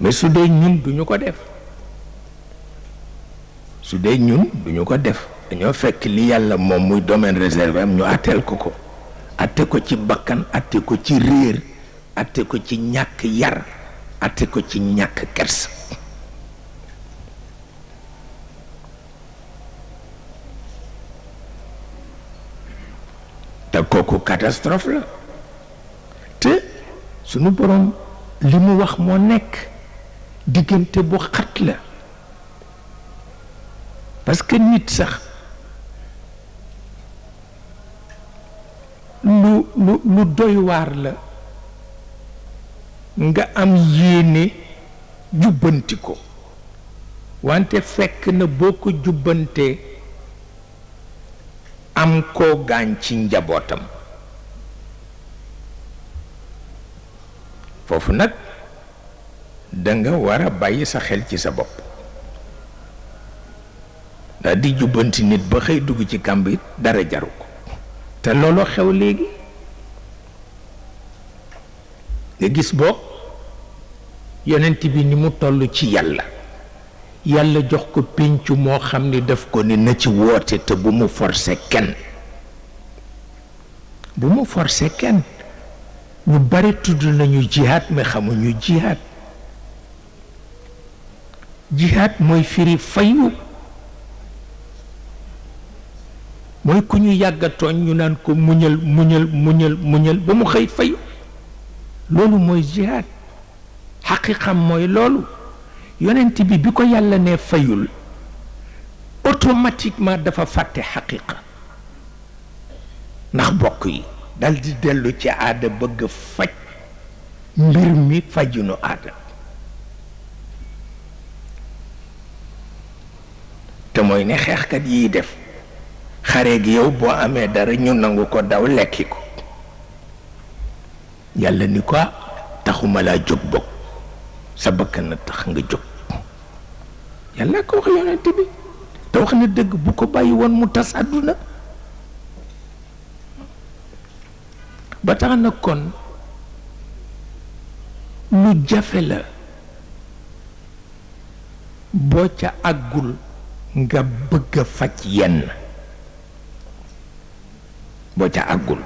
mais su dee ñun duñu ko def su dee ñun duñu ko def dañoo fekk li yàlla moom muy domaine réservé am ñu atteel ko ko atte ko ci bakkan atte ko ci réer atte ko ci ñàkk yar atte ko ci ñàkk kers te kooku catastrophe la te sunu borom li mu wax moo nekk diggante bu xat la parce que nit sax lu lu lu doy waar la nga am yéene jubbanti ko wante fekk na boo ko jubbantee am koo gaañ ci njabootam foofu nag danga wara a bàyyi sa xel ci sa bop da di jubanti nit ba xey dug ci kàmb dara jaru ko te lolo xew legi nga gis bok yonenti bi ni mu tollu ci yalla yalla jox ko pinchu mo xamni def ko ni na ci wote te bu mu forcé ken bu mu forcé ken ñu bari tuddu nañu me xamu ñu jihad jihaat mooy firi fayu mooy ku ñu yàgga ñu naan ko muñal muñal muñal ba mu xëy fayu loolu mooy jihaat xaqiqam mooy loolu yonent bi bi ko yàlla ne fayul automatiquement dafa fàtte xaqiqa ndax bokk yi dal di dellu ci aada bëgg faj mbir mi fajunu aada te mooy ne xeexkat yiy def xare gi yow boo amee dara ñu nangu ko daw lekki ko yàlla ni ko taxuma laa jóg bokk sa bakkan na tax nga jóg yàlla ko wax yonent bi te wax na dëgg bu ko bàyyi woon mu tas àdduna ba tax na kon lu jafe la boo ca àggul nga bëgg a faj yenn nggak ca àggul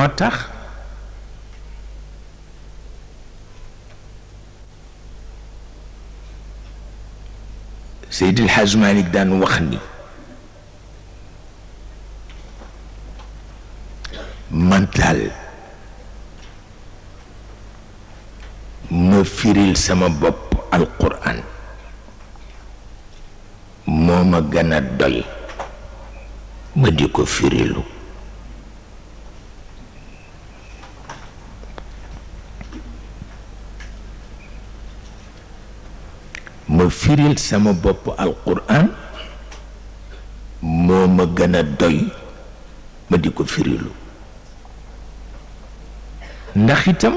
موتخ سيدي الحاج مالك دان وخني منتلال مفيريل سما بوب القران موما غنا دول ما ديكو فيريلو firil sama bopp alquran moo ma gën a doy ma di ko firilu ndaxitam itam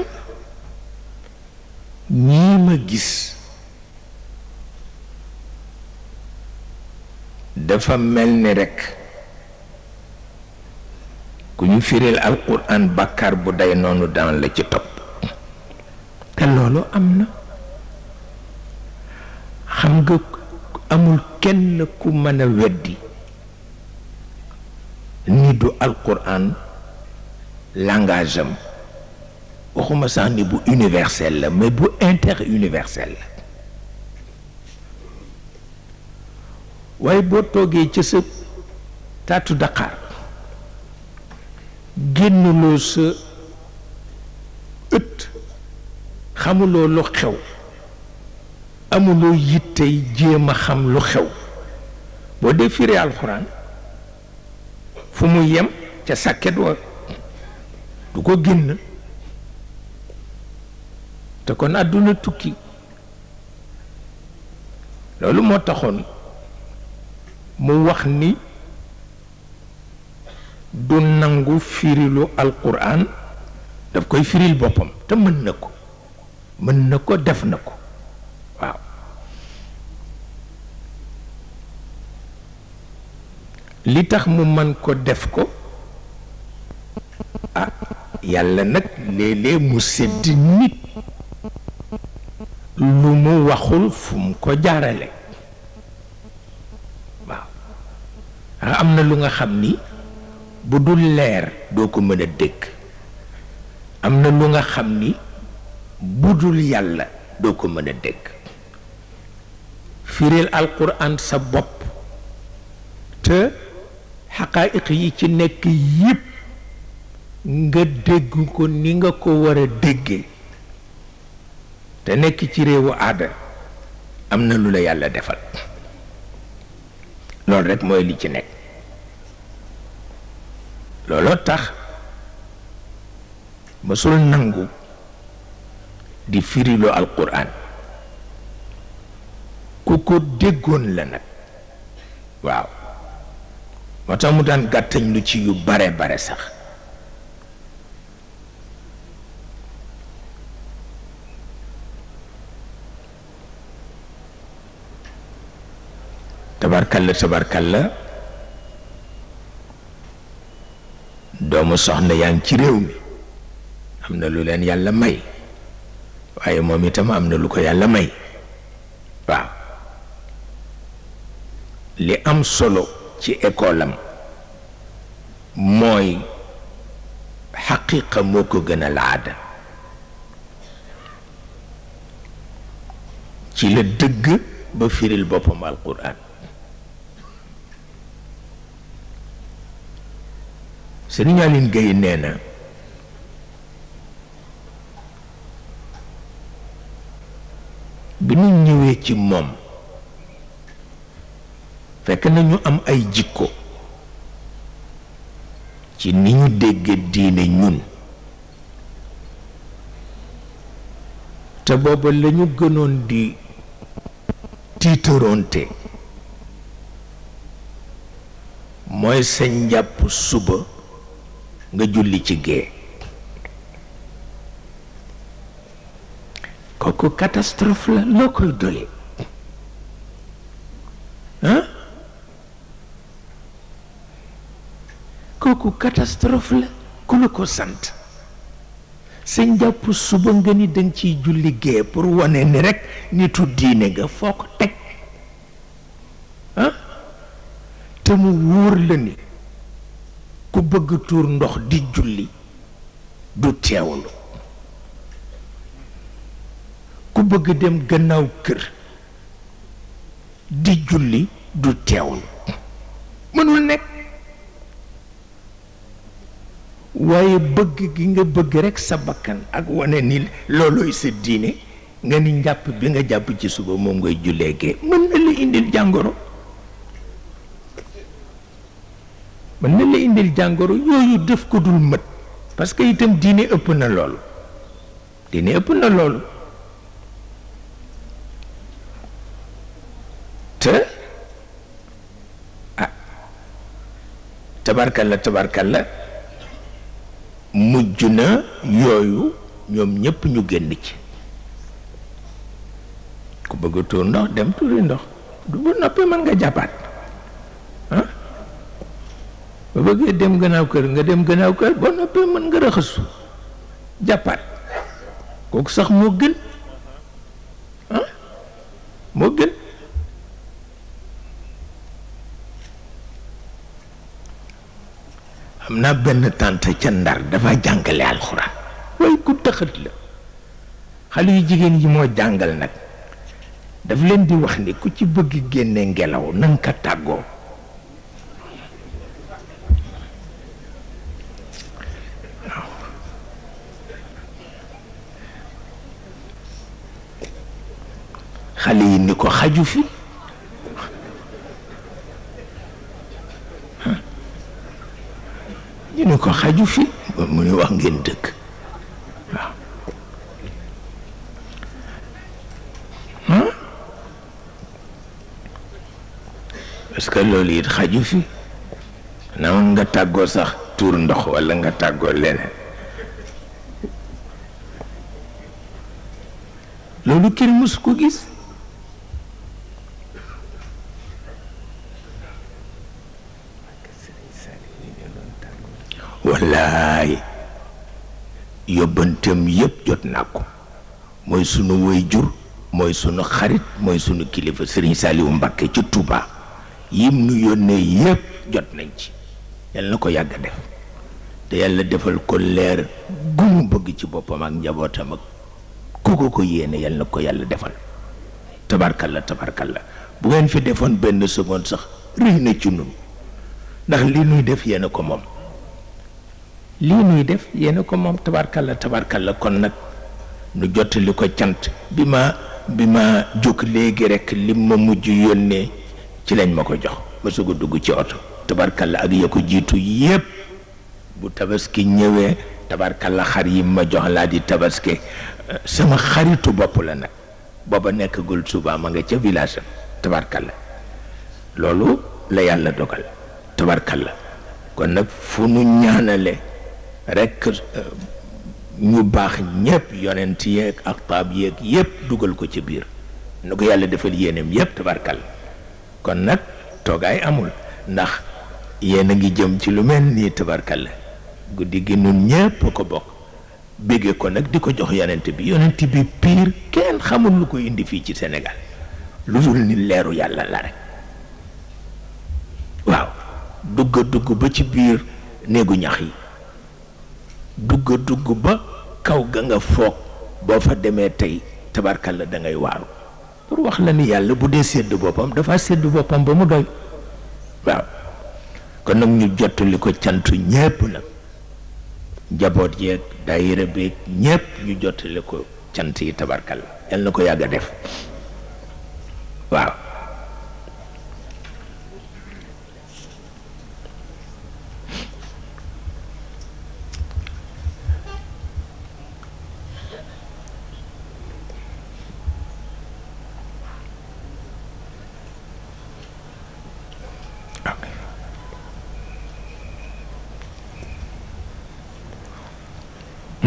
ñii ma gis dafa mel ni rekk ku ñu firil alquran bàkkaar bu day noonu daan la ci topp te loolu am na xam nga amul kenn ku mën a weddi ni du alquran langage am waxuma sax ni bu universel mais bu interuniversel la waaye boo toogee ci sa taatu Dakar génnuloo sa xew amuloo yittey jéem a xam lu xew boo dee firi alxuraan fu mu yem ca sàkket wa du ko génn te kon àdduna tukki loolu moo taxoon mu wax ni du nangu firilu alquran daf koy firil boppam te mën na ko mën na ko def na ko li tax mu man ko def ko ah yàlla nag léeg-léeg mu sedd nit lu mu waxul fu mu ko jaarale waaw ah, am na lu nga xam ni bu dul leer doo ko mën a dégg am na lu nga xam ni bu dul yàlla doo ko mën a dégg firil alquran sa bopp te xaqaayiq yi ci nekk yépp nga dégg ko ni nga ko war a déggee te nekk ci réewu aada am na lu la yàlla defal loolu rekk mooy li ci nekk looloo tax mësul nangu di firiloo alquran ku ko déggoon la nag waaw moo tax mu daan gàttañ lu ci yu bare bare sax tabarkalla la doomu soxna yaa ngi ci réew mi am na lu leen yàlla may waaye moom itam am na lu ko yàlla may waaw li am solo ci ekoolam mooy xaqiqa moo ko gën a laada ci la dëgg ba firil boppam alquran Sëriñ Aline Gueye nee na bi ñu ñëwee ci moom fekk nañu am ay jikko ci ni ñu dégge diine ñun te booba lañu gënoon di tiitaroonte mooy sa njàpp suba nga julli ci gee kooku catastrophe la loo koy dolee kooku catastrophe la ku la ko sant sa njàpp suba nga ni danga ciy julli gee pour wane ni rekk nitu diine nga foo ko teg ah? te mu wóor la ni ku bëgg tuur ndox di julli du teewlu ku bëgg dem gannaaw kër di julli du teewlu mënul nekk waaye bëgg gi nga bëgg rek sa bakkan ak wane ni loolooy sa diiné nga ni njàpp bi nga japp ci suba mom ngay jullé gee mën na la indil jangoro mën na la indil jangoro yoyu def ko dul mat parce que itam diiné ëpp na loolu diiné ëpp na té tabarakallah tabarakallah mujj na yooyu ñoom ñëpp ñu génn ci ku bëgga a tuur ndox dem tuuri ndox du bu noppee mën nga jàppaat ah ba bëggee dem gannaaw kër nga dem gannaaw kër ba noppee mën nga raxasu jàppat kooku sax moo gën naa benn tànt ca ndar dafa jàngale alxuraan waaye ku tëxat la xale yu jigéen yi moo jàngal nag daf leen di wax ni ku ci bëgg génne ngelaw nanka ka xale yi ni ko xaju fi xaju fi mu ni wax ngeen dëkk waaw parce que loolu it xaju fi na nga tàggoo sax tuur ndox walla nga tàggoo leneen loolu kenn mësu ko gis mooy sunu waajur mooy sunu xarit mooy sunu kilifa Serigne Saliou Mbacké ci Touba yim nu yónnee yépp jot nañ ci yàlla na ko yàgg def te yàlla defal ko leer gu mu bëgg ci boppam ak njabootam ak ku ko ko yéene yàlla na ko yàlla defal la tabarkalla la bu ngeen fi defoon benn seconde sax rëy na ci nun ndax lii nuy def yéen ko moom lii nuy def yéen a ko moom tabarkalla tabarkalla kon nag nu jottali ko cant bi ma bi ma jóg léegi rekk li ma mujj yónnee ci lañ ma ko jox ma sog a dugg ci oto tabarkalla ak ya ko jiitu yépp bu tabaski ñëwee tabarkalla xar yi ma jox laa di tabaski sama xaritu bopp la nag booba nekkagul suba ma nga ca village am tabarkalla loolu la yàlla dogal tabarkalla kon nag fu nu ñaanale rek euh, ñu baax ñépp yonent yeeg ak taab yeeg yépp dugal ko ci biir nu ko yàlla defal yéeneem yépp tabarkal kon nag toogaay amul ndax yéen a ngi jëm ci lu mel nii tabarkal guddi gi nun ñépp ko bokk bége ko nag di ko jox yonent bi yonent bi piir kenn xamul lu ko indi fii ci Sénégal lu dul ni leeru yàlla la rek waaw dugg dugg ba ci biir néegu ñax yi dugg dugg ba kaw ga nga foog boo fa demee tey tabarkal la dangay waaru pour wax la ni yàlla bu dee sédd boppam dafa sédd boppam ba mu doy waaw kon nag ñu jottali ko cantu ñépp nag njaboot yeeg daayira beeg ñépp ñu jottali ko cant yi tabarkalla yal na ko yàgg def waaw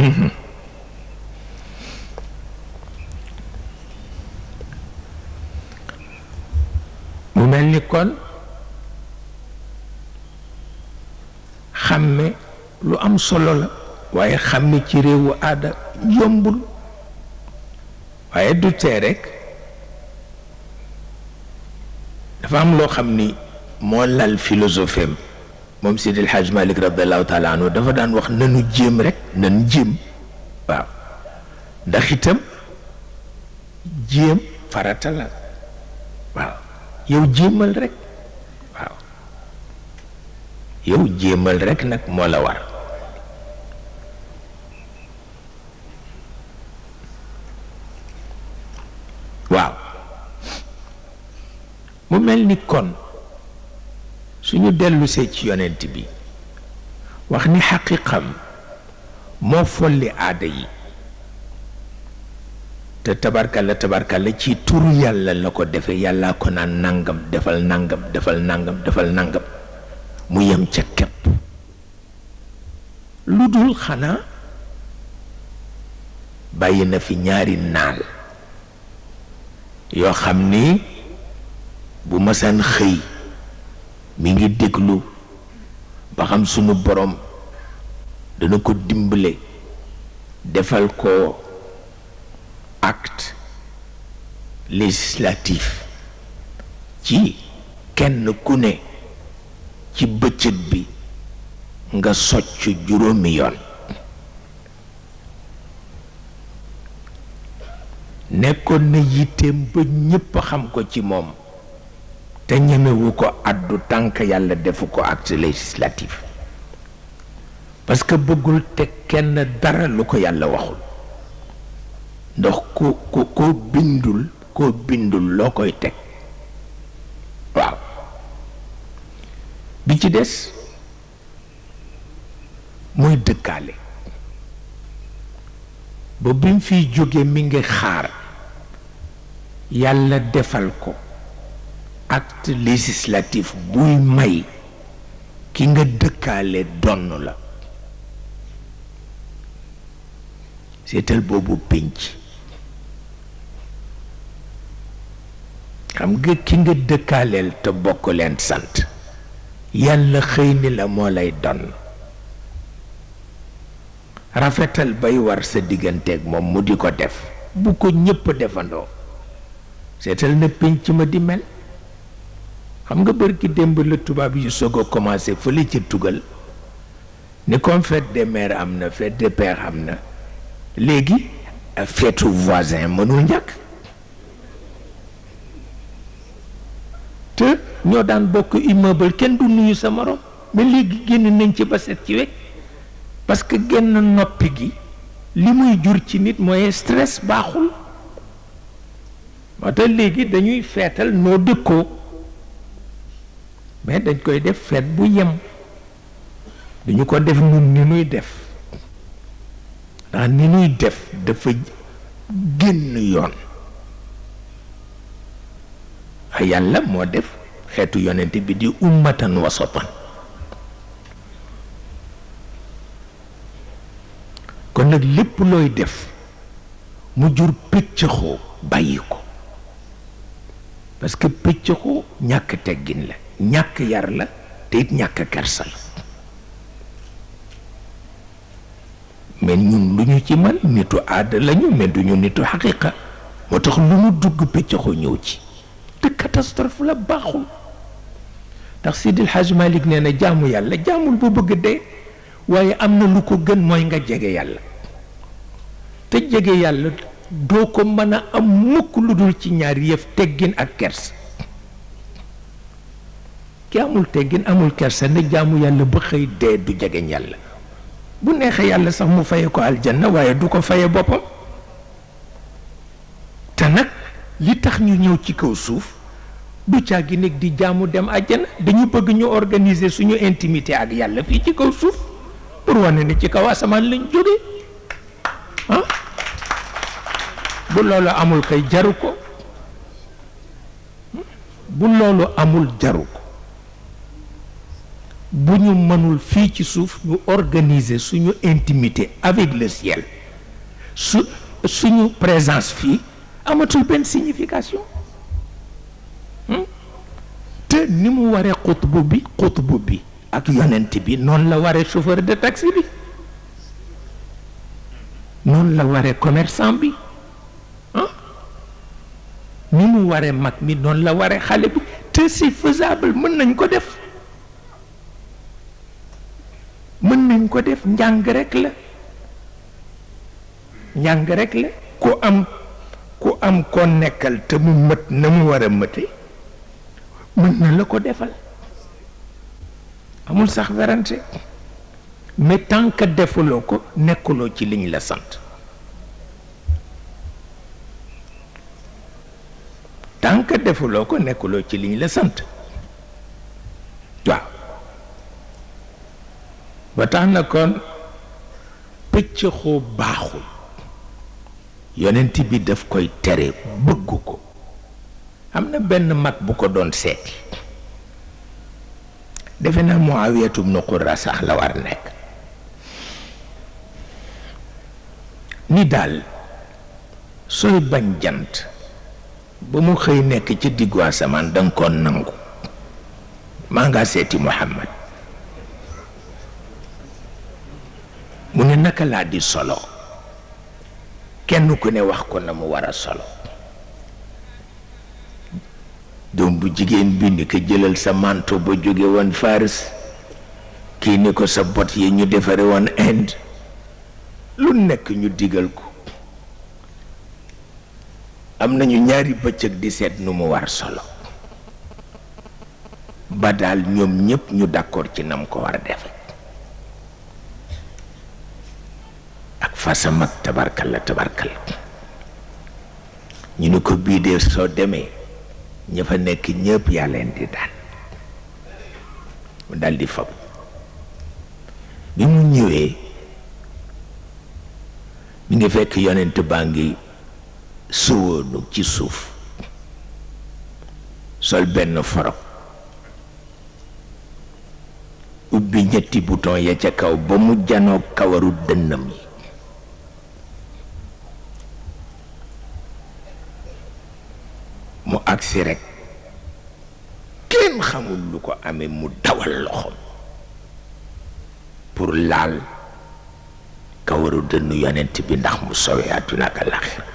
Mm-hmm. mu mel ni kon xàmme lu am solo la waaye xàmme ci réewu aada yombul waaye du tee rekk dafa am loo xam ni moo lal philosophie mom Seydi El Hadj Malick radiallahu taala anhu dafa dan wax nanu jéem rek nanu jéem waaw ndax itam jéem farata la waaw yow jéemal rek waaw yow jéemal rek nak mo la war waaw mu melni kon suñu dellusee ci yonent bi wax ni xaqiqam moo folli aada yi te tabarkalla tabarkalla ci turu yàlla la ko defee yàlla ko naan nangam defal nangam defal nangam defal nangam mu yem ca képp lu dul xanaa bàyyi na fi ñaari naal yoo xam ni bu mësaan xëy mi ngi déglu ba xam sunu borom dana ko dimbale defal ko akt législatif ci kenn ku ne ci bëccëg bi nga socc juróomi yoon nekkoon na yitteem ba ñépp xam ko ci moom te ñemewu ko addu tànk yàlla defu ko acte législatif parce que bëggul teg kenn dara lu ko yàlla waxul ndox ku ku koo bindul koo bindul loo koy teg waaw bi ci des muy dëkkaale ba bi mu fiy jóge mi ngi xaar yàlla defal ko acte législatif buy may ki nga dëkkaale donn la seetal boobu pénc xam nga ki nga dëkkaaleel te bokk leen sant yàlla xëy ni la moo lay donn rafetal bay war sa digganteeg moom mu di ko def bu ko ñépp defandoo seetal na pénc ma di mel xam nga bëri démb la tubaab yi soog a commencé fële ca tugal ni comme fête des mères am na fête des pères am na léegi fête voisin mënul ñàkk te ñoo daan bokk immeuble kenn du nuyu sa morom mais léegi génn nañ ci ba ci wet parce que génn noppi gi li muy jur ci nit mooy stress baaxul moo léegi dañuy feetal noo dëkkoo mais dañ koy def fête bu yem dañu ko def nun ni nuy def ndax ni nuy def dafa génn yoon a yàlla moo def xeetu yonent bi di ummatan wasatan kon nag lépp looy def mu jur pëccëxoo bàyyi ko parce que pëccëxoo ñàkk teggin la ñàkk yar la te ñàkk kersa la ñun lu ñu ci man nitu aada lañu mais du ñu nitu xaqiqa moo tax lu mu dugg pëccaxoo ñëw ci te catastrophe la baaxul ndax Sidil Hadj Malick nee na jaamu yàlla jaamul bu bëgg dee waaye am na lu ko gën mooy nga jege yàlla te jege yàlla doo ko mën a am mukk lu dul ci ñaar yëf teggin ak kers ki amul teggin amul kersa ne jaamu yàlla ba xëy dee du jegeñ yàlla bu neexee yàlla sax mu faye ko aljanna waaye du ko faye boppam te nag li tax ñu ñëw ci kaw suuf bu caa gi di jaamu dem àjjana dañu bëgg ñu organiser suñu intimité ak yàlla fii ci kaw suuf pour wane ne ci kaw asamaan lañ jógee ah bu loolu amul kay jaru ko hmm? bu loolu amul jaru ko Si nous mënul notre ci organiser intimité avec le ciel si suñu présence fille a une signification hmm? te ni bi la chauffeur de taxi bi non la waree commerçant bi hein? Nous avons la wari c'est faisable Nous nañ mën nañ ko def njàng rek la njàng rek la ku am ku am koo nekkal te mu mët na mu war a mëte mën na la ko defal amul sax werante mais tant que defuloo ko nekkuloo ci liñ la sant tànk que defuloo ko nekkuloo ci liñ la sant waaw ba tax na kon pëcc baaxul yonent bi daf koy tere bëgg ko am na benn mag bu ko doon seeti defe naa Muawiyatu bnu Qurra sax la war nekk ni daal sooy bañ jant ba mu xëy nekk ci diggu asamaan danga ko nangu maa nga seeti Muhammad mu ne naka laa di solo kenn ku ne wax ko na mu war a solo doom bu jigéen bi ni ko jëlal sa manto ba jóge woon Faris kii ni ko sa bot yi ñu defare woon Inde lu nekk ñu digal ko am nañu ñaari bëccëg di seet nu mu war solo ba daal ñoom ñëpp ñu d'accord ci nam ko war a fa sa mag tabarkal la tabarkal ñu ni ko bii de soo demee ña fa nekk ñëpp yaa leen di daan mu daldi di bi mu ñëwee mi ngi fekk yonent baa ngi suwoonu ci suuf sol benn forog ubbi ñetti buton ya ca kaw ba mu janoo kawaru dënnam yi mu agsi rekk kenn xamul lu ko amee mu dawal loxoom pour laal kawaru dënnu yonent bi ndax mu sowee àdduna ak àllaaxira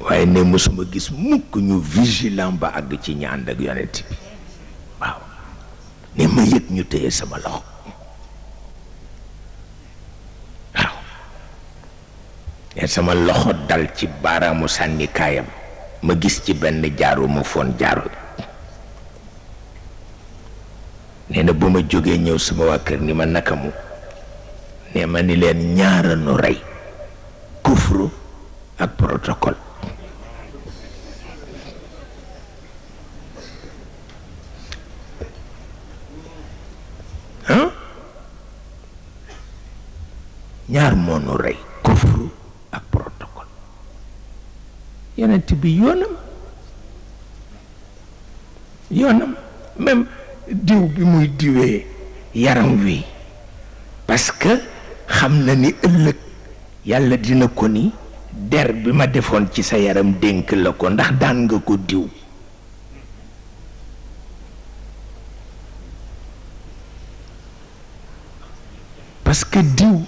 waaye ne mësuma gis mukk ñu vigilant ba àgg ci ñi ànd ak yonent bi waaw ne ma yëg ñu téye sama loxo te sama loxo dal ci baaraamu sànnikaayam ma gis ci benn jaaro ma foon jaaro nee na bu ma jógee ñëw sama waa kër ni ma naka mu ne ma ni leen ñaara nu rey kufru ak protocole ñaar moo nu rey kufru ak yeneen yonent bi yoonam yoonam même diw bi muy diwee yaram wi parce que xam na ni ëllëg yàlla dina ko ni der bi ma defoon ci sa yaram dénk la ko ndax daan nga ko diw parce que diw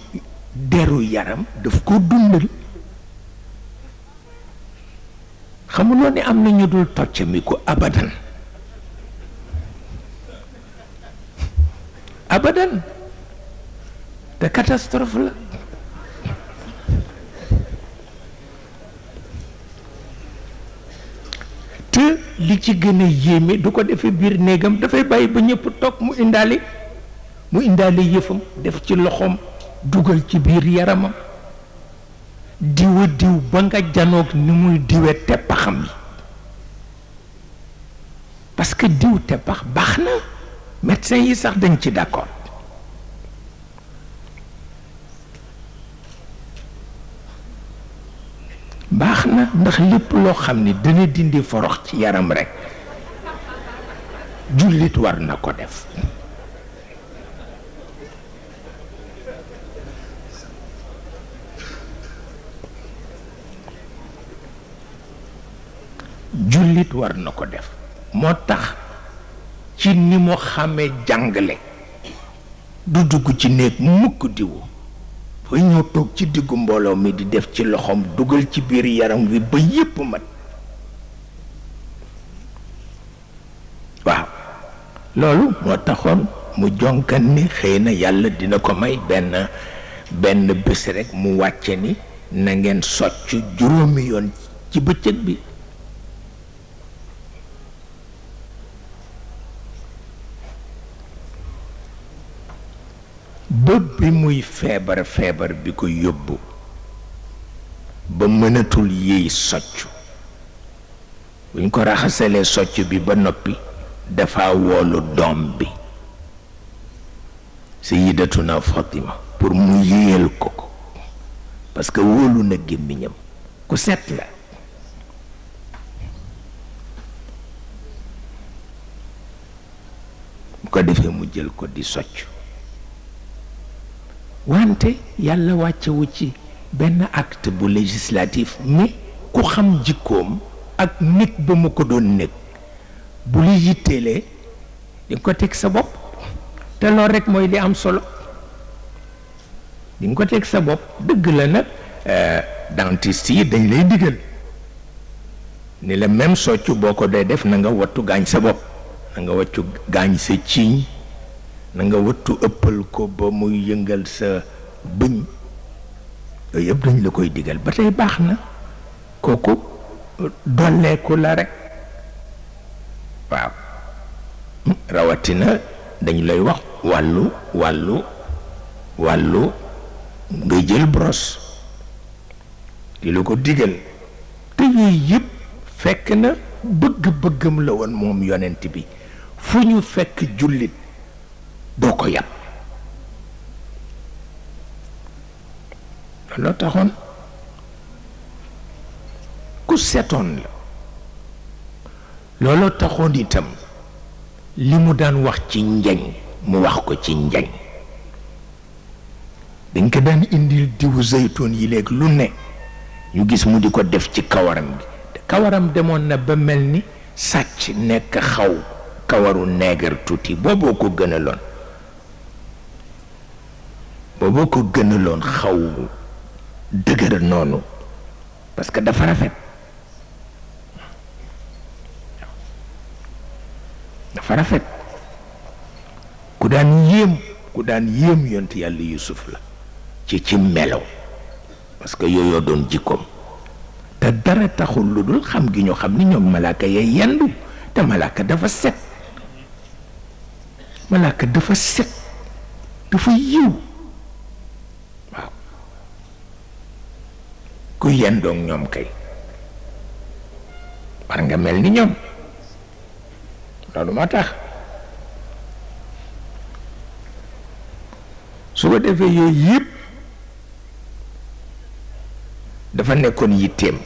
deru yaram daf ko dundal xamuloo ne am na ñu dul tocc mi ko abadan abadan te catastrophe la te li ci gën a yéeme du ko defee biir néegam dafay bàyyi ba ñëpp toog mu indaale mu indaale yëfam def ci loxoom dugal ci biir yaramam diwa diw ba nga janook ni muy diwe teppaxam yi parce que diw teppax baax na médecin yi sax dañ ci d'accord baax na ndax lépp loo xam ni dana dindi forox ci yaram rekk jullit war na ko def jullit war na ko def moo tax ci ni mu xamee jàngale du dugg ci néeg mukk diwu fa ñëw toog ci diggu mbooloo mi di def ci loxoom dugal ci biir yaram wi ba yépp mat waaw loolu moo taxoon mu jonkan ni xëy na yàlla dina ko may benn benn bés rekk mu wàcce ni na ngeen socc juróomi yoon ci bëccëg bi ba bi muy feebar feebar bi ko yóbbu ba mënatul yéey socc buñ ko raxasalee socc bi ba noppi dafa woolu doom bi sayyidatuna Fatima pour mu yéeyal ko ko parce que wóolu na gémmiñam ku set la bu ko defee mu jël ko di socc wante yàlla wàccewu ci benn acte bu législatif ni ku xam jikkoom ak nekk ba mu ko doon nekk bu la yitteelee di ko teg sa bopp te loolu rek mooy di am solo di nga ko teg sa bopp dëgg la nag euh, dentiste yi dañ lay diggal ni la même soccu boo ko dee def na nga wattu gaañ sa bopp na nga wattu gaañ sa ciiñ na nga wattu ëppal ko ba muy yëngal sa bëñ yëpp dañ la koy digal ba tey baax na kooku euh, dolleeku la rekk waaw rawatina dañu lay wax wàllu wàllu wàllu nga jël brosse li la ko digal te yooyu yëpp fekk na bëgg-bëggam la woon moom yonent bi fu ñu fekk jullit doo ko yàpp looloo taxoon ku setoon la looloo taxoon itam li mu daan wax ci njañ mu wax ko ci njañ dañ ko daan indi diwu zeytoon yi léeg lu ne ñu gis mu di ko def ci kawaram gi te kawaram demoon na ba mel ni sàcc nekk xaw kawaru neegar tuuti booboo ko gënaloon boobu ko gënaloon xaw dëgër noonu parce que dafa rafet dafa rafet ku daan yéem ku daan yéem yont yàlla yusuf la ci ci melo parce que yooyoo doon jikkoom te dara taxul lu dul xam gi ñu xam ni ñoom malaaka yay yendu te malaaka dafa set malaaka dafa set dafa yiw ku yendoog ñoom kay war nga mel ni ñoom loolu moo tax su ko defee yooyu yëpp dafa nekkoon yitteem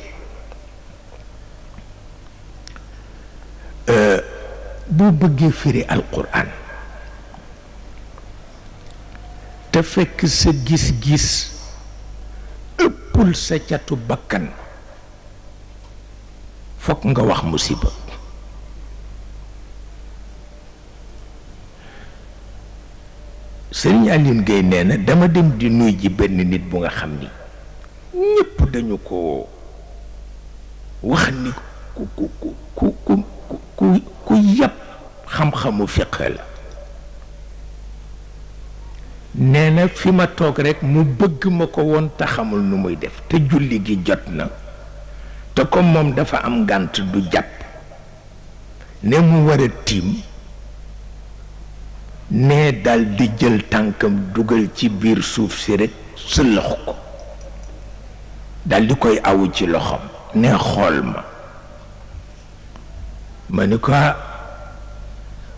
euh, bu bëggee firi alquran te fekk sa gis-gis ëppul sa catu bakkan fokk nga wax musiba sëriñ Alioune Gueye nee na dama dem di nuy ji benn nit bu nga xam ni ñëpp dañu ko wax ni ku ku ku ku ku ku yàpp xam-xamu fiqh la nee na fi ma toog rekk mu bëgg ma ko woon te xamul nu muy def te julli gi jot na te ko moom dafa am gànt du jàpp ne mu war a tiim nee daldi jël tànkam dugal ci biir suuf si rekk loxo ko daldi koy awu ci loxoom ne xool ma ma ni ko ah,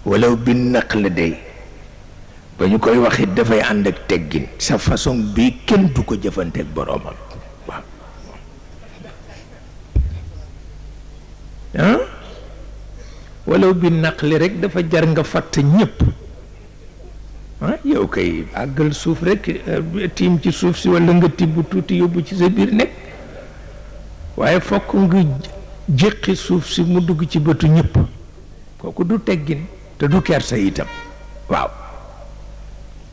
walaw bi naq la day ba ñu koy waxit dafay ànd ak teggin sa façon bii kenn du ko jëfanteeg boroomam waaw ah walaw bi naqli rek dafa jar nga fàtt ñépp yow kay àggal suuf rek eh, tiim ci suuf si walla nga tibb tuuti yóbbu ci sa biir nekk waaye fokk nga jéqi suuf si mu dugg ci bëtu ñëpp kooku du teggin te du kersa itam waaw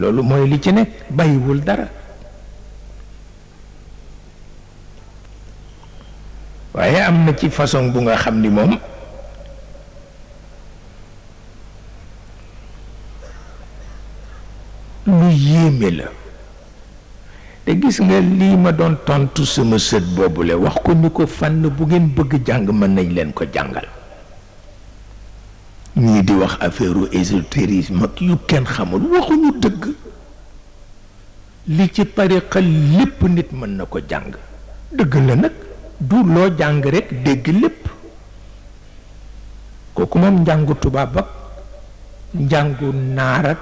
loolu mooy li ci nekk bàyyiwul dara waaye am na ci façon bu nga xam ni moom lu yéeme la te gis nga lii ma doon tontu sama sët boobule wax ko ni ko fànn bu ngeen bëgg jàng mën nañ leen ko jàngal ni di wax affaireu ésotérisme ak yu kenn xamul ñu deug li ci tariqa lepp nit mën nako jang deug la nak du lo jang rek deug lepp koku mom jangu tuba ak jangu naar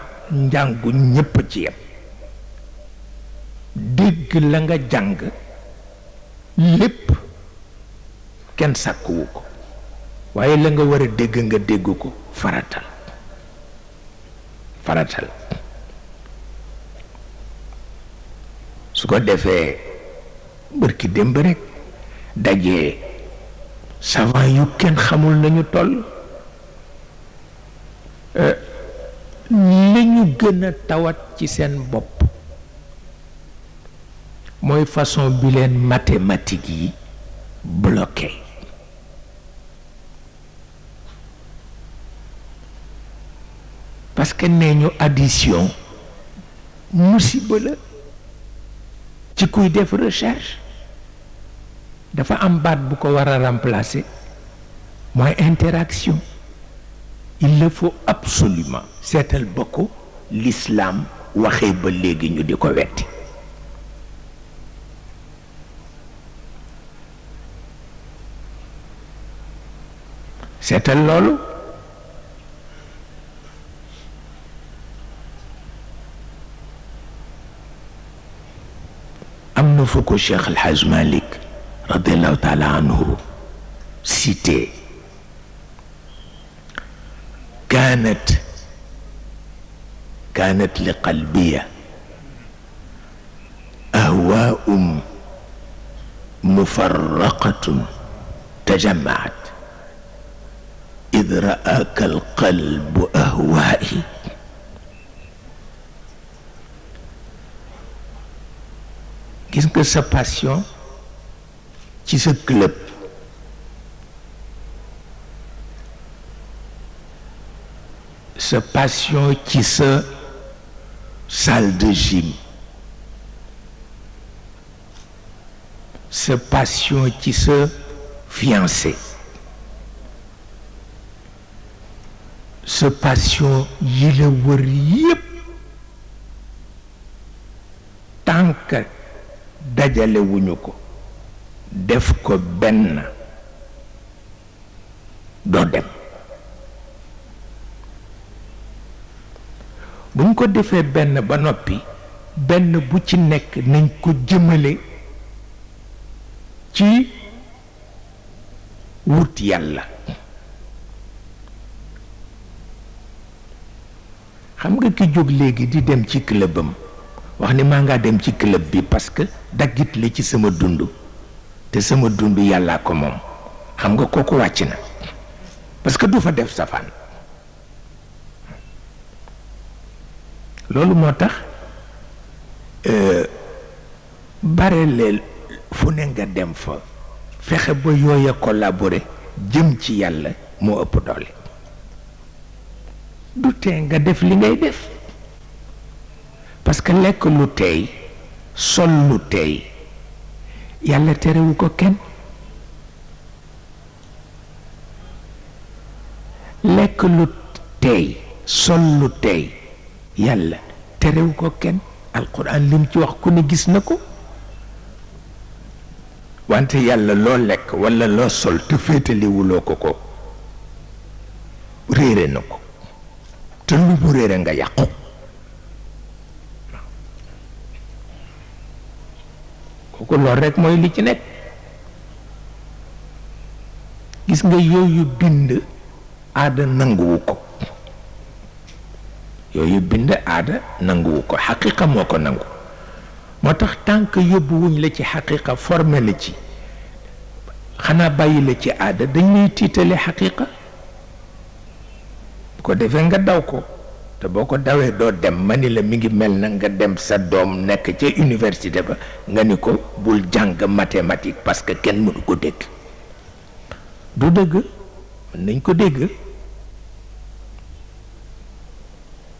jangu ñepp ci yam deug la nga jang lepp ken sakku ko waye la nga wara deg nga dégg ko faratal faratal su ko defé barki demb rek dajé savant yu ken xamul nañu toll euh gëna tawat ci sen bop moy façon bi len mathématique yi bloquer parce que nous ñu addition musiba la ci kuy def recherche dafa am baat bu ko remplacer Moi, interaction il le faut absolument C'est tel beaucoup. l'islam ou ba léegi ñu di c'est wetti seetal تعرفكم الشيخ الحاج مالك رضي الله تعالى عنه سيتي كانت كانت لقلبي أهواء مفرقة تجمعت إذ رآك القلب أهوائي qu'est-ce que ce passion qui se club ce passion qui se salle de gym ce passion qui se fiancé ce passion il se tant tant dajalewuñu ko def ko benn doo dem buñ ko defee benn ba noppi benn bu ci nekk nañ ko jëmale ci wut yàlla xam nga ki jóg léegi di dem ci clubam wax ni maa ngaa dem ci club bi parce que daggit la ci sama dund te sama dund yàllaa ko moom xam nga kooku wàcc na parce que du fa def safaan loolu moo tax euh, bare leel fu ne nga dem fa fexe ba yooya collaborer jëm ci yàlla moo ëpp doole du tee nga def li ngay def parce que lekk lu tey sol lu teey yàlla terewu ko kenn lekk lu teey sol lu teey yàlla terewu ko kenn alquran lim ci wax ku ne gis na ko wante yàlla loo lekk walla loo sol te féetaliwuloo ko ko réere na ko te lu mu réere nga yàqu lool rek mooy li ci nekk gis nga yooyu bind aada nanguwu ko yooyu bind aada nanguwu ko xaqiqa moo ko nangu moo tax tànk yóbbu wuñ la ci xaqiqa formé la ci xanaa bàyyi la ci aada dañ lay tiitale xaqiqa bu ko defee nga daw ko te boo ko dawee doo dem ma ni la mi ngi mel na nga dem sa doom nekk ca université ba nga ni ko bul jàng mathématique parce que kenn mënu ko dégg du dëgg mën nañ ko dégg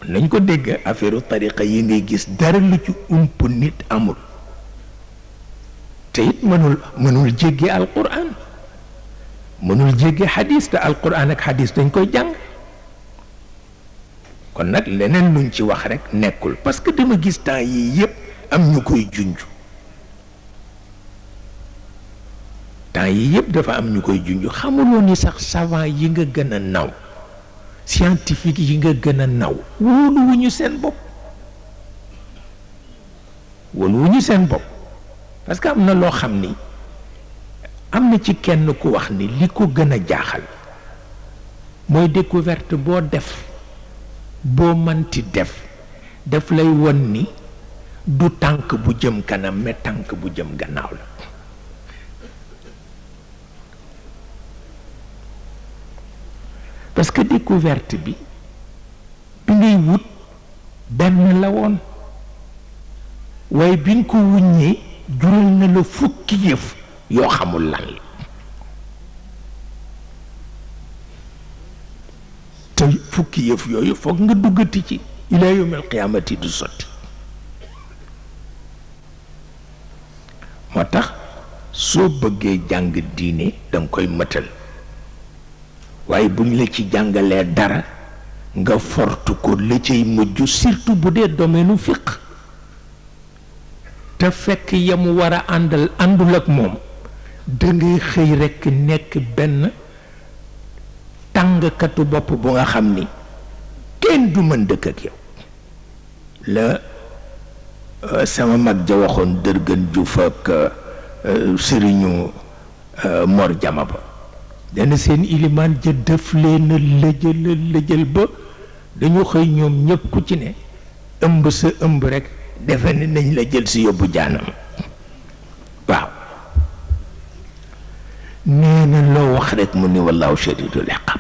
mën nañ ko dégg affaire tariqa yi ngay gis dara lu ci ump nit amul te it mënul mënul jéggi alquran mënul jéggi xadis te alquran ak xadis dañ koy jàng kon nag leneen luñ ci wax rek nekkul parce que dama gis temps yii yëpp am ñu koy junju temps yii yëpp dafa am ñu koy junj xamuloo ni sax savant yi nga gën a naw scientifique yi nga gën a naw wóolu wu ñu seen bopp wóolu wu ñu seen bopp parce que am na loo xam ni am na ci kenn ku wax ni li ko gën a jaaxal mooy découverte boo def. boo mënti def daf lay won ni du tànk bu jëm kanam mais tànk bu jëm gannaaw la parce que découverte bi bi ngay wut benn la woon waaye bi nga ko wuññee jural na la fukki yëf yoo xamul lan la te fukki yef yoyu fokk nga duggati ci ila yawmil qiyamati du soti motax so beugé jang diiné dang koy mëtal waye buñ la ci jangalé dara nga fortu ko la cey muju surtout bu domaine fiq ta fekk yam wara andal andul ak mom da ngay xey rek nek ben tàngkatu bopp bu nga xam ni kenn du mën dëkk ak yow la euh, sama mag ja waxoon dërgën ju ak euh, sëriñu euh, mor jama ba dana seen ilimaan ja def leen lëjëla lëjël ba dañu xëy ñoom ñëpp ku ci ne ëmb sa ëmb rekk defe ne nañ la jël si yóbbu jaanam waaw nee na loo wax rek mu ni wallahu shadidul iqab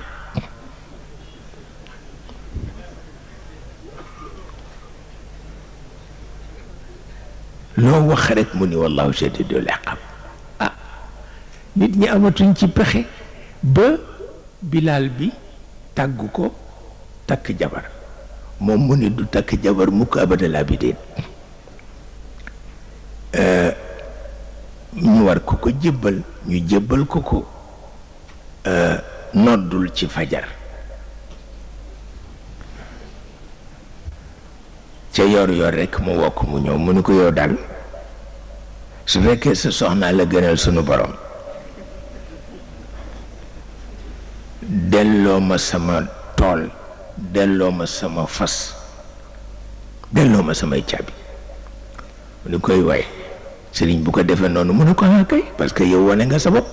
wax rek mu ni wallahu shadidul iqab ah nit ñi amatuñ ci pexe ba bilaal bi tàggu ko takk jabar moom mu ni du takk jabar mukk abadal abidin euh, ñu war ko ko jébbal ñu jébbal ko ko euh, noddul ci fajar ca yor yor rekk mu wokk mu ñëw mu ni ko yow daal su fekkee sa soxnaa la gënal sunu borom delloo ma sama tool delloo ma sama fas delloo ma samay caabi mu ni koy waay sëriñ bu ko defee noonu mu ko ah, kay parce que yow wane nga sa bopp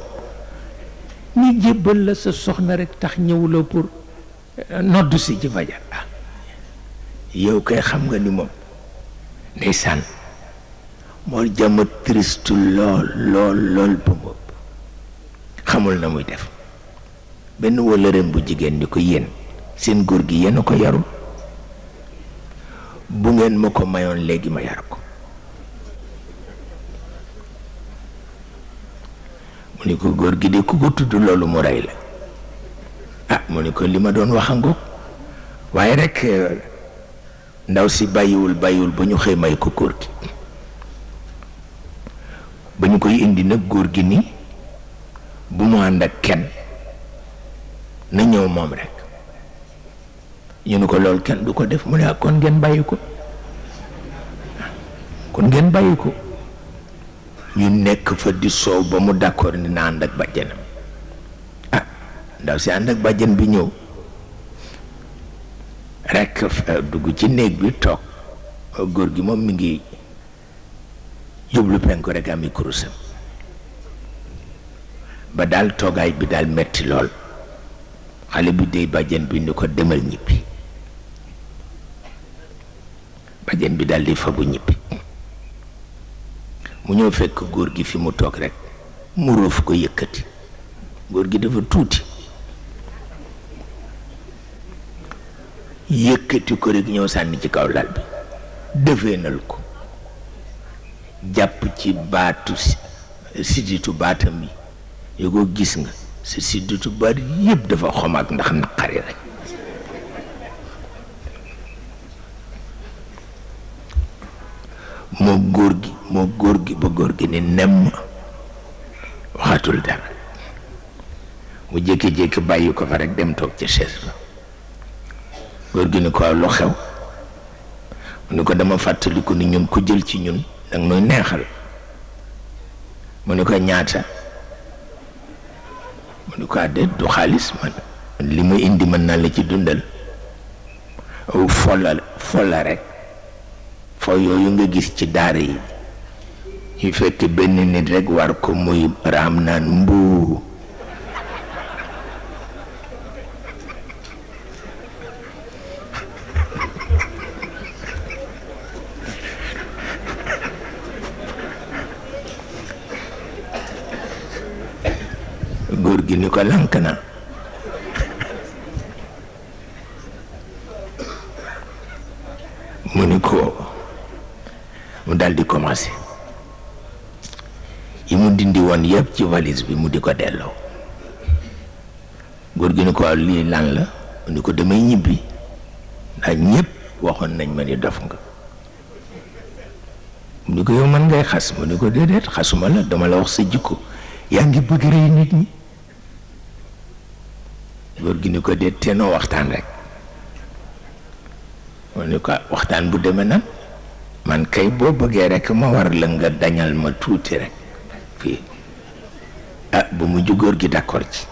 ni jébbal la sa soxna rek tax ñëwuloo pour euh, noddu si ci fajar ah, yow kay xam nga ni moom ndeysaan moo jama triste lool lool lool bu xamul na muy def benn wëllëreem bu jigéen ni ko yéen seen góor gi yéen ko yaru bu ngeen ma ko mayoon léegi ma yar ko mu ni ko góor gi de ku ko tudd loolu mu rey la ah mu ni ko li ma doon wax ngoog waaye rek eh, ndaw si bàyyiwul bàyyiwul ba ñu xëy may ko góor gi koy indi nag góor gi ni bu mu ànd ak kenn na ñëw moom rek ñu ni ko lool kenn du ko def mu ne ak ah, kon ngeen bàyyi ko kon ngeen bàyyi ñu nekk fa di soow ba mu d'accord ni na ànd ak bàjjenam ah ndaw si ànd ak bàjjen bi ñëw rek eh, dugg ci néeg bi toog góor gi moom mi ngi jublu penku rek ami kurusam ba dal toogaay bi daal metti lool xale bi dey bàjjen bi ni ko demal ñibbi bàjjen bi daal di fabu ñibbi mu ñëw fekk góor gi fi mu toog rek mu ko yëkkati góor gi dafa tuuti yëkkati ko rek ñëw sànni ci kaw lal bi defeenal ko jàpp ci baatu sidditu baatam yi yoo ko gis nga sa sidditu baat yëpp dafa xomaag ndax naqari rek moo góor gi moo góor gi ba góor gi ni nemm waxatul dara mu jékki-jékki bàyyi ko fa rek dem toog ca chaise ba góor gi ni ko lu xew mu ko dama fàttaliku ni ñun ku jël ci ñun danga may neexal mu ni ko ñaata mu ni ko àddeet ah, du xaalis man li ma indi mën naa la ci dundal folla folla rek fo yooyu nga gis ci daara yi ñu fekk benn nit rek war ko muy raam naan mbuu ka na. ni ko mu dal di commencé yi mu dindi woon yëpp ci valise bi mu di ko delo. góor gi ni ko li lan la mu ni ko damay ñibbi ndax ñëpp waxoon nañ ma ni dof nga mu ni ko yow man ngay mu ko dedet la dama la wax sa jikko rey nit ñi gi ni ko déet te noo waxtaan rek mu ni ko waxtaan bu deme nan man kay boo bëggee rek ma war la nga dañal ma tuuti rek fii ah ba mu jugóor gi d'accord ci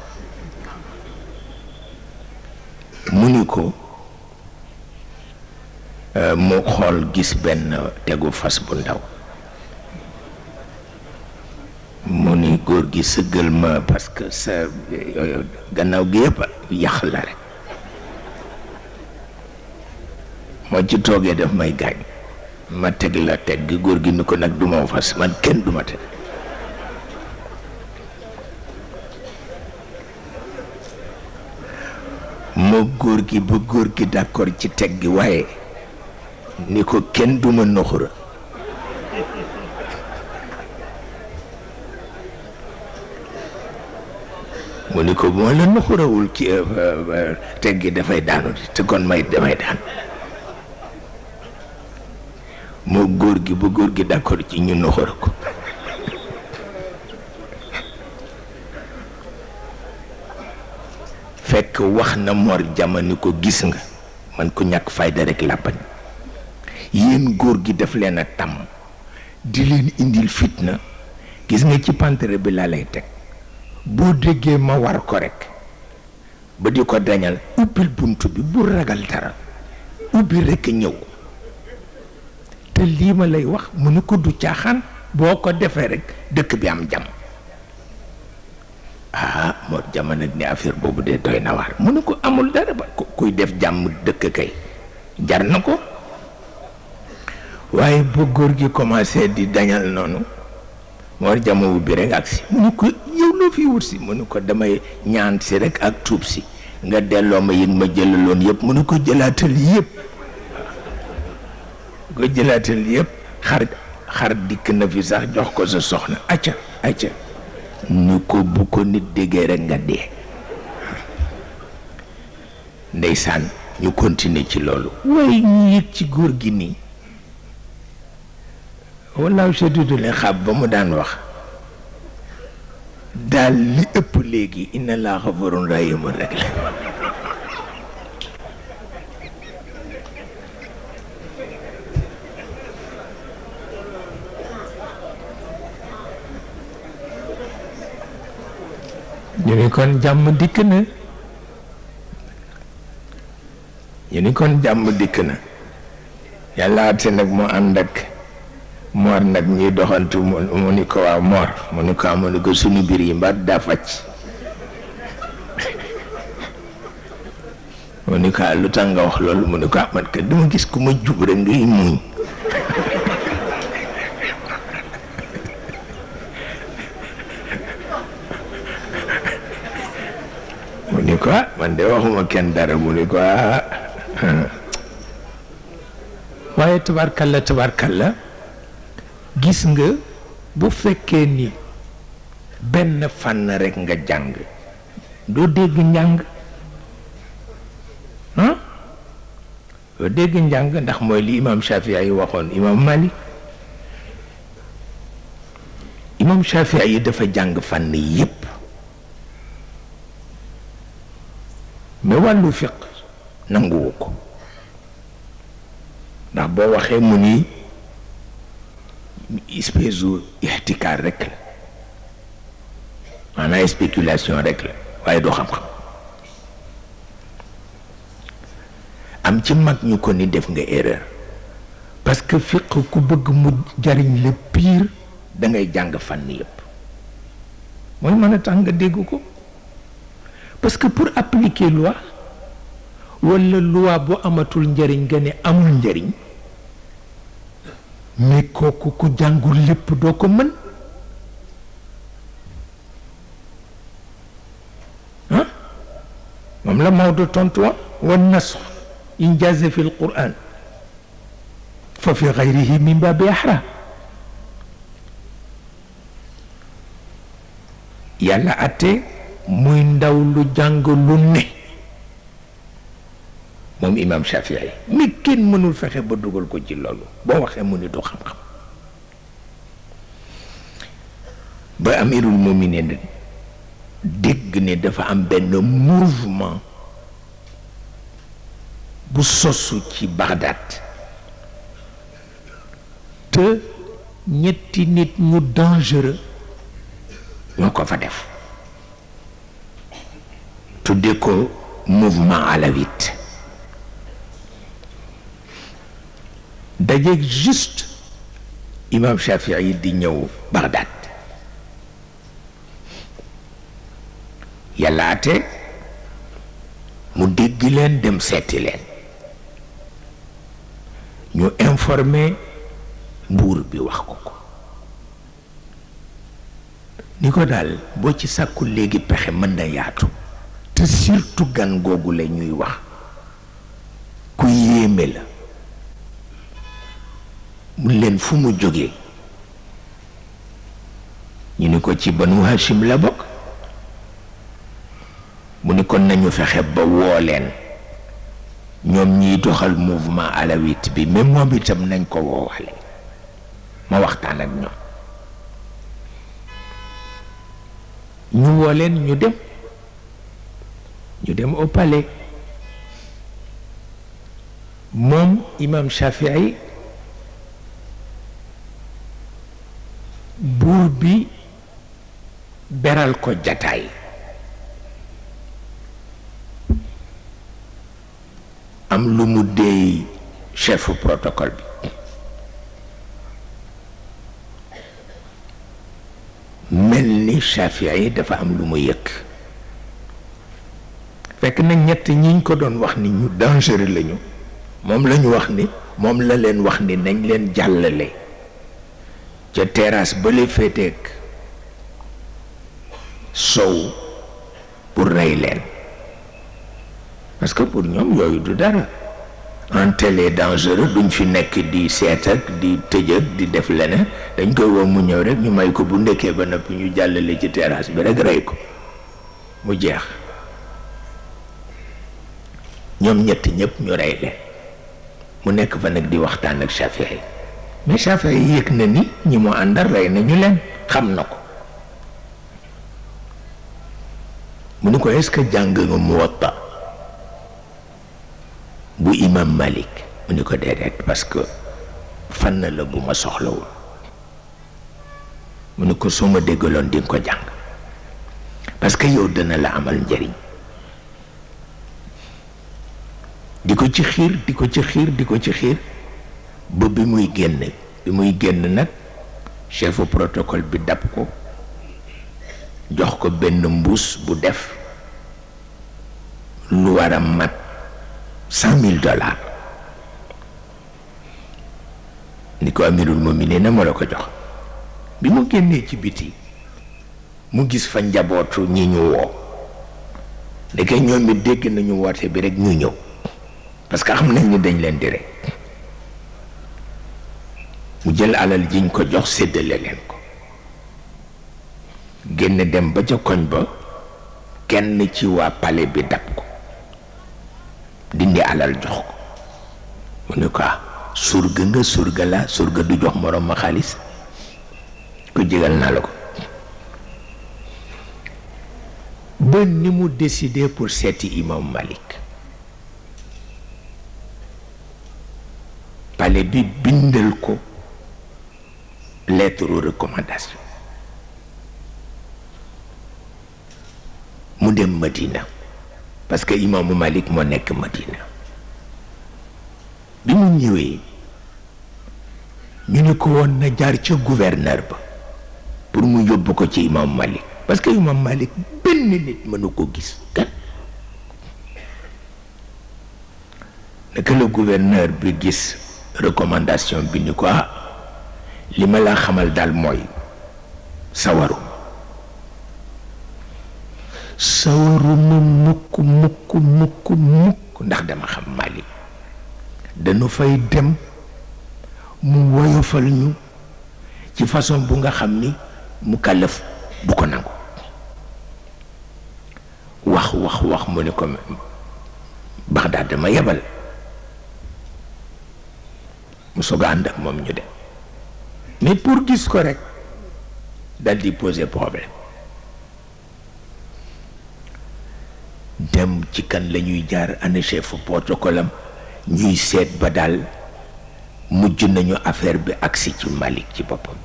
mu ni ko euh, mu xool gis benn tegu fas bu ndaw gi sëggal ma parce que sa gannaaw gi yëpp yàq la rek moo ci toogee daf may gaañ ma teg la teg góor gi ni ko nag duma fas man kenn duma teg moo góor gi ba góor gi d'accord ci teg gi waaye ni ko kenn duma noxura ko moo ma la nuxurawul ki eh, eh, eh, teggi dafay daanu di te kon may damay daanu moo góor gi ba góor gi d'accord ci ñu nuxura ko fekk wax na mor jamono ko gis nga man ko ñàkk fayda rek làppañ yéen góor gi daf leen a tàmm di leen indil fitna gis nga ci pantere bi laa lay teg boo déggee ma war ko rekk ba di ko dañal ubbil bunt bi bu ragal dara ubbi rekk ñëw te lii ma lay wax mu ni ko du caaxaan boo ko defee rekk dëkk bi am jàmm ah moo jamono ni affaire boobu dee doy na waar mu ni ko amul dara ba kuy def jàmm dëkk kay jar na ko waaye ba góor gi commencé di dañal noonu moor jamo bi rek ak si mu ni ko yow loo fi wut si mu ni ko damay ñaan si rekk ak tuub si nga delloo ma yéen ma jëlaloon yëpp mu ni ko jëlaatal yëpp ko jëlaatal yëpp xar dikk na fi sax jox ko sa soxna acca acca ni ko bu ko nit déggee rekk nga dee ndeysaan ñu continuer ci loolu waaye ñu yëg ci góor gi nii wallaahu shadiidul iqaab ba mu daan wax daal li ëpp léegi inna laa xafarun rahimun rek la ñu ni kon jàmm dikk na ñu ni kon jàmm dikk na yàlla àtte nag mu ànd ak mor nak ñuy doxantu mu ni ko waaw moor mu ni yi mbat da fac mu lu tang nga wax lol mu ni ko man kat dama gis ku ma jub rek ngay muñ mu ni ko ah, man de waxuma ken dara mu ni ko gis nga bu fekkee ni benn fànn rekk nga jàng doo dégg njàng ah? doo dégg njàng ndax mooy li imam Shafia yi waxoon imam Malik imam Shafia yi dafa jàng fànn yépp mais wàllu fiq nanguwu ko ndax boo waxee mu nii espèce u ixtikaar rek la maanaam spéculation rek la waaye du xam-xam am ci mag ñu ko ni def nga erreur parce que fiq ku bëgg mu jariñ la pire da jàng fànn yëpp mooy mën a tax nga dégg ko parce que pour appliquer loi walla loi bu amatul njariñ nga ne amul njariñ mais kooku ku jàngul lépp doo ko mën ah la Maodo tontu woon wa nasx injaase fi alquran fa fi gayrihi min baabi ahra yàlla atte muy ndaw lu jàng lu ne moom imam Shafi'i mi kenn mënul fexe ba dugal ko ci loolu boo waxee mu ni du xam-xam ba amirul mu'minin dégg ni dafa am benn mouvement bu sosu ci Bagdad te ñetti nit ñu dangereux ñoo ko fa def tudde ko mouvement alawite dajeeg juste imam Shafii di ñëw Bagdad yàlla ate mu déggi leen dem seeti leen ñu informé mbuur bi wax ko ko ni ko daal boo ci sàkku léegi pexe mën na yaatu te surtout gan googu la ñuy wax ku yéeme la mu leen fu mu jógee ñu ni ko ci banu hashim la bokk mu ni kon nañu fexe ba woo leen ñoom ñiy doxal mouvement alawit bi mais moom itam nañ ko woowale ma waxtaan ak ñoom ñu woo leen ñu dem ñu dem au palais moom imam Shafi'i buur bi beral ko jataay am lu mu déey chefu protocole bi mel ni yi dafa am lu mu yëkk fekk na ñett ñiñ ko doon wax ni ñu dangereux lañu moom lañu wax ni moom la leen wax ni nañ leen jàllale ca teraas ba le sow pour rey leen parce que pour ñoom yooyu du dara en télé dangereux duñ fi nekk di seetak di tëj di def leneen dañ koy woo mu ñëw rek ñu may ko bu ndekkee ba noppi ñu jàllale ci terrasse bi rek rey ko mu jeex ñoom ñett ñëpp ñu rey leen mu nekk fa nag di waxtaan ak Chafi'i mais Chafi'i yëg na ni ñi mu àndal rey nañu leen xam na ko mu ni ko est jàng nga Muwatta bu imam Malik mu ni ko déedéet parce que fan na la bu ma soxlawul mu ni ko soo ma déggaloon di nga ko jàng parce que yow dana la amal njëriñ di ko ci xiir di ko ci xiir di ko ci xiir ba bi muy génn bi muy génn nag chefu protocole bi dab ko jox ko benn mbuus bu def lu war a mat cent mille dollars ni ko amirul mominin na ma la ko jox bi mu génnee ci biti mu gis fa njabootu ñi ñu woo ndeke ñoom it dégg nañu woote bi rek ñu ñëw parce que xam nañ ni dañ leen di rek mu jël alal jiñ ko jox séddale leen ko génn dem ba ca koñ ba kenn ci waa pale bi dab ko dindi alal jox ko mu ne ko ah, surga nga surga la surga du jox moroom ma xaalis ko jégal naa la ko ba ni mu décidé pour seeti imam Malik pale bi bindal ko lettre aux mu dem Madina parce que imaamu Malik moo nekk Madina bi mu ñëwee ñu ne ko woon na jaar ca gouverneur ba pour mu yóbbu ko ci imaamu Malik parce que imaamu Malik benn nit mënu ko gis kan la gouverneur bi gis recommandation bi ni ko ah li ma laa xamal daal mooy sawaru mukk mukk mukk mukk ndax dama xam Mali dañu fay dem mu woyofal ñu ci façon bu nga xam ni mu kàllaf du ko nangu wax wax wax mu ne ko Bagdaad dama yebal mu soog a moom ñu dem mais pour gis ko rek dal di poser problème dem ci kan lañuy jaar ana chef protocole am ñuy seet ba daal mujj nañu affaire bi agsi ci Malick ci boppam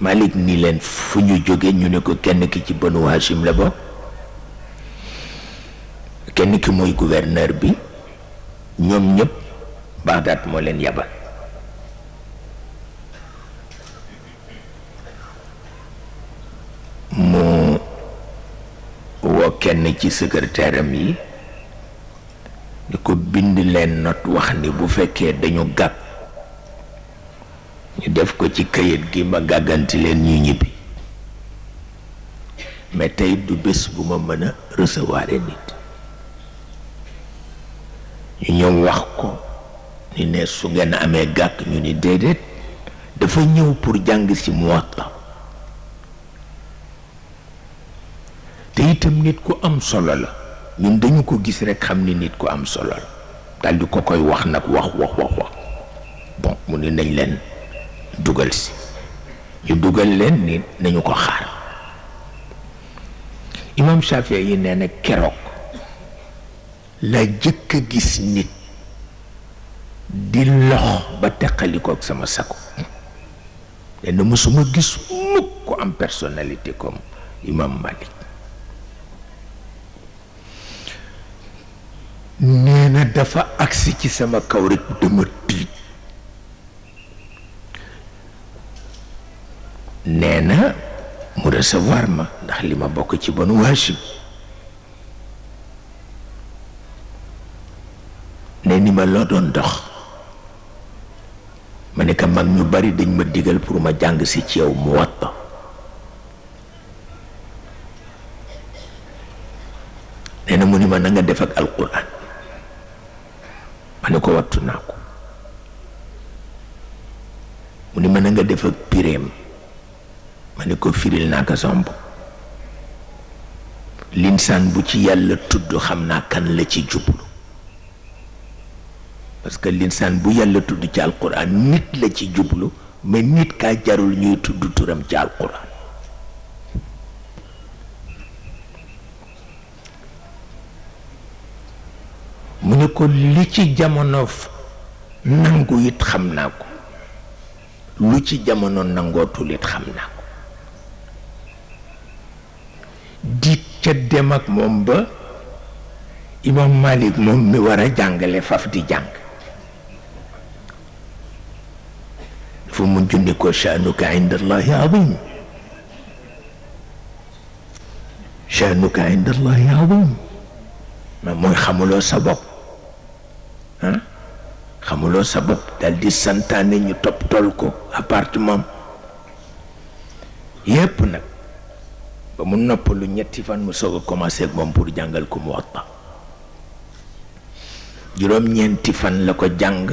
Malick ni leen fu ñu jóge ñu ne ko kenn ki ci Banu Hachim la bokk kenn ki mooy gouverneur bi ñoom ñëpp Bagdad moo leen yabal ci secrétaire yi ni ko bind leen not wax ni bu fekkee dañu gàpp ñu def ko ci kayit gi ma gàgganti leen ñu ñibbi ma tey du bés bu ma mëna a recevoir nit ñu ñëw wax ko ni ne su ngeen amee gàkk ñu ni déedéet dafa ñëw pour jàng si la te itam nit ku am solo la ñun dañu ko gis rek xam ni nit ku am solo la daal ko koy wax nag wax wax wax bon mu ne nañ leen dugal si ñu dugal leen ni nañu ko xaar imam Chafi'i yi nee na keroog la jëkk a gis nit di lox ba teqali teqalikook sama sako nee na mësuma gis mukk ko am personnalité comme imam Malik nee na dafa agsi ci sama kaw dama tiit nee na mu recevoir ma ndax li ma bokk ci banu Hachim ne ni ma loo doon dox ma ne ka mag ñu bari dañ ma digal pour ma jàng si ci yow mu watta nee na mu ni ma na def ak alquran ne ko wattu naa ko mu ni mën a nga def ak pireem ma ne ko firil naa ko sama bu ci yàlla tudd xam naa kan la ci jublu parce que linsaan bu yàlla tudd ci alquran nit la ci jublu mais nit kaa jarul ñuy tudd turam ci alquran mu ne ko li ci jamono nangu it xam naa ko lu ci jamono nangootul it xam naa ko di ca dem ak moom ba imam Malik moom mi war a jàngale faf di jàng dafa mujj ni ko shaanuka inda allahi azim shaanuka inda allahi azim ma mooy xamuloo sa bopp xamuloo sabab dal di santaane ñu topp tool ko appartement yépp nag ba mu noppalu ñetti fan mu soog a commencé ak moom pour jàngal ko mu watta juróom-ñeenti fan la ko jàng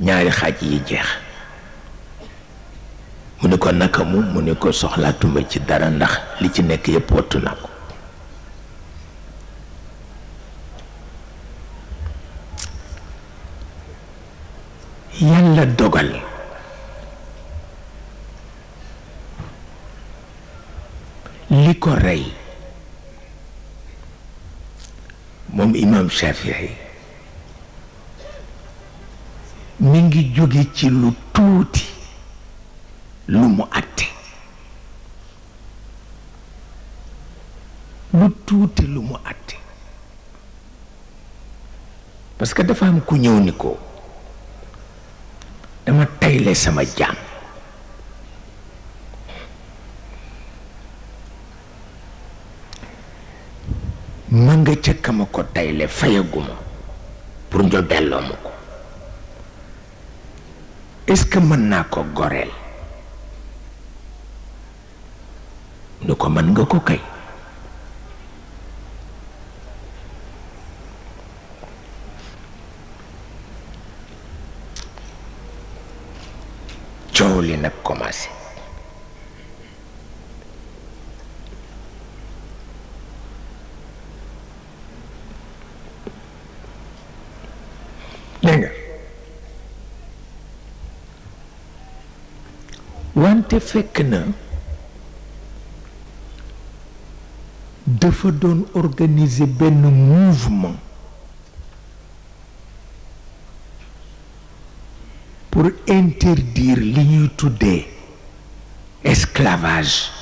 ñaari xaaj yi jeex mu ni ko naka mu mu ni ko soxlaatuma ci dara ndax li ci nekk yépp wottu naa ko yàlla dogal li ko rey moom imam Shafii mi ngi jóge ci lu tuuti lu mu àtte lu tuuti lu mu àtte parce que dafa am ku ñëw ni ko dama tayle sama jaam mu nga cëkka ma ko tayle fayaguma pour ñu delloo ma ko est-ce que mën naa ko goreel nu ko mën nga ko kay nag commencé dégg nga wante fekk na dafa doon organiser benn mouvement today esclavage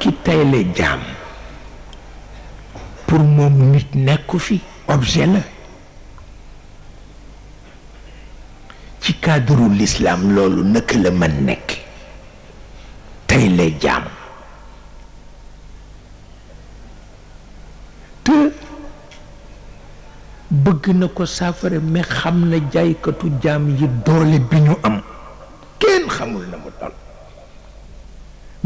ki tayle jaam pour moom nit nekku fi objet la ci cadre lislaam loolu naka la mën nekk tayle jaam te bëgg na ko saafara mais xam na jaaykatu jaam yi doole bi ñu am kenn xamul na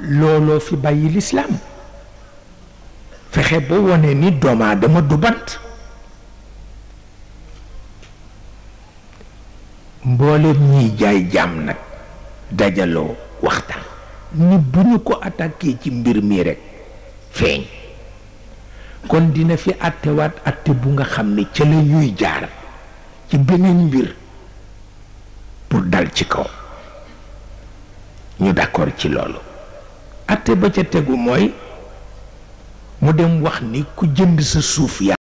Lolo fi Islam, l'islam fexé bo woné ni doma dama du bant mboolem ñiy jaay jam nak dajalo waxtaan ni buñu ko attaqué ci mbir mi rek feñ kon dina fi wat atté bu nga xamné ci la ñuy jaar ci benen mbir pour dal ci kaw ñu d'accord ci atte ba ca tegu mooy mu dem wax ni ku jënd sa suuf yaa